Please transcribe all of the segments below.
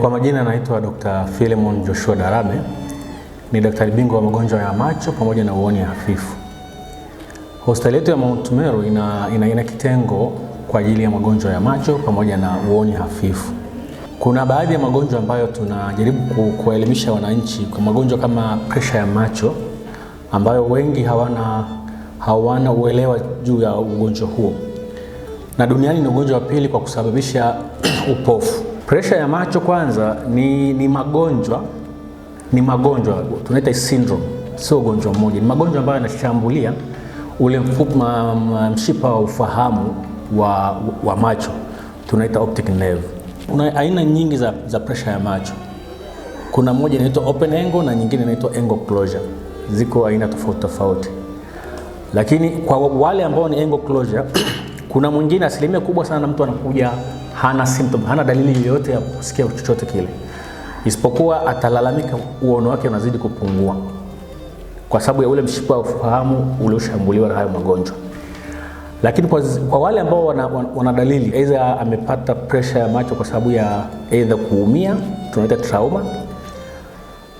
Kwa majina naitwa Dr. Philemon Joshua Darabe, ni daktari bingwa wa magonjwa ya macho pamoja na uoni hafifu. Hospitali yetu ya Mount Meru ina, ina, ina kitengo kwa ajili ya magonjwa ya macho pamoja na uoni hafifu. Kuna baadhi ya magonjwa ambayo tunajaribu kuwaelimisha wananchi kwa magonjwa kama presha ya macho ambayo wengi hawana, hawana uelewa juu ya ugonjwa huo, na duniani ni ugonjwa wa pili kwa kusababisha upofu Presha ya macho kwanza ni, ni magonjwa ni magonjwa tunaita syndrome, sio ugonjwa mmoja, ni magonjwa ambayo yanashambulia ule mshipa wa ufahamu wa, wa macho tunaita optic nerve. Kuna aina nyingi za, za presha ya macho. Kuna moja inaitwa open angle na nyingine inaitwa angle closure, ziko aina tofauti tofauti, lakini kwa wale ambao ni angle closure kuna mwingine asilimia kubwa sana mtu anakuja hana symptom, hana dalili yoyote ya kusikia chochote kile, isipokuwa atalalamika uono wake unazidi kupungua kwa sababu ya ule mshipa wa ufahamu ulioshambuliwa na hayo magonjwa. Lakini kwa, kwa wale ambao wana, wana dalili aidha amepata pressure ya macho kwa sababu ya aidha kuumia, tunaita trauma.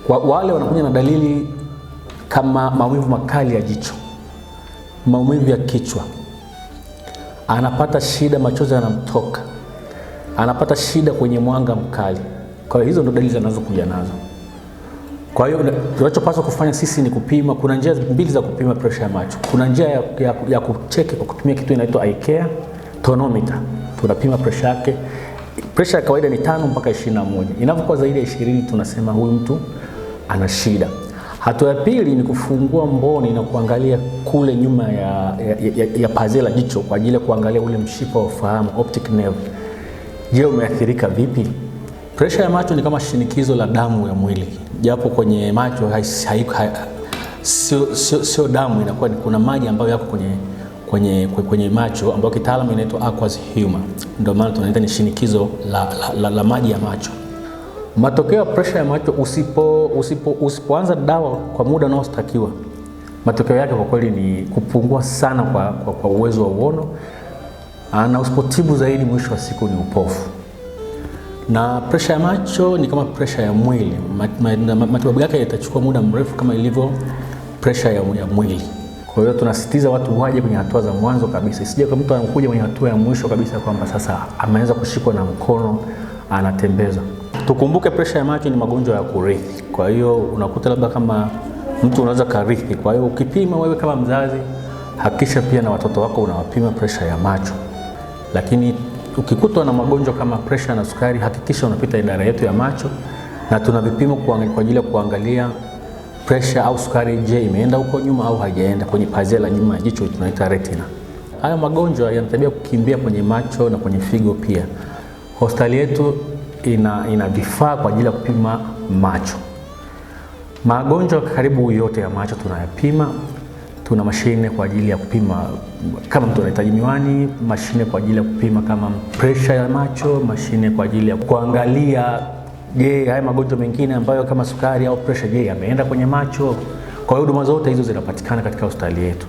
Kwa wale wanakuja na dalili kama maumivu makali ya jicho, maumivu ya kichwa anapata shida, machozi yanamtoka, anapata shida kwenye mwanga mkali. Kwa hiyo hizo ndo dalili anazokuja nazo. Kwa hiyo tunachopaswa kufanya sisi ni kupima. Kuna njia mbili za kupima pressure ya macho. Kuna njia ya, ya, ya kucheki kwa kutumia kitu inaitwa eye care tonometer, tunapima pressure yake. Pressure ya kawaida ni tano mpaka ishirini na moja. Inapokuwa zaidi ya ishirini tunasema huyu mtu ana shida. Hatua ya pili ni kufungua mboni na kuangalia kule nyuma ya, ya, ya, ya pazia la jicho kwa ajili ya kuangalia ule mshipa wa ufahamu optic nerve. Je, umeathirika vipi? Presha ya macho ni kama shinikizo la damu ya mwili, japo kwenye macho sio sio damu, inakuwa kuna maji ambayo yako kwenye kwenye kwenye macho ambayo kitaalamu inaitwa aqueous humor, ndio maana tunaita ni shinikizo la, la, la, la maji ya macho matokeo ya presha ya macho usipo, usipo, usipoanza dawa kwa muda unaostakiwa, matokeo yake kwa kweli ni kupungua sana kwa, kwa, kwa uwezo wa uono ah, na usipotibu zaidi, mwisho wa siku ni upofu. Na presha ya macho ni kama presha ya mwili, matibabu yake yatachukua muda mrefu kama ilivyo presha ya, ya mwili. Kwa hiyo tunasisitiza watu waje kwenye hatua za mwanzo kabisa, isije kwa mtu anakuja kwenye hatua ya mwisho kabisa kwamba sasa ameanza kushikwa na mkono anatembeza. Tukumbuke presha ya macho ni magonjwa ya kurithi, kwa hiyo unakuta labda kama mtu unaweza karithi. Kwa hiyo ukipima wewe kama mzazi, hakikisha pia na watoto wako unawapima presha ya macho. Lakini ukikutwa na magonjwa kama presha na sukari, hakikisha unapita idara yetu ya macho, na tuna vipimo kwa ajili ya kuangalia presha au sukari, je, imeenda huko nyuma au haijaenda kwenye pazia la nyuma ya jicho, tunaita retina. Haya magonjwa yanatabia kukimbia kwenye macho na kwenye figo pia. Hospitali yetu ina, ina vifaa kwa ajili ya kupima macho. Magonjwa karibu yote ya macho tunayapima. Tuna mashine kwa ajili ya kupima kama mtu anahitaji miwani, mashine kwa ajili ya kupima kama pressure ya macho, mashine kwa ajili ya kuangalia, je, haya magonjwa mengine ambayo kama sukari au pressure, je, yameenda kwenye macho? Kwa hiyo huduma zote hizo zinapatikana katika hospitali yetu.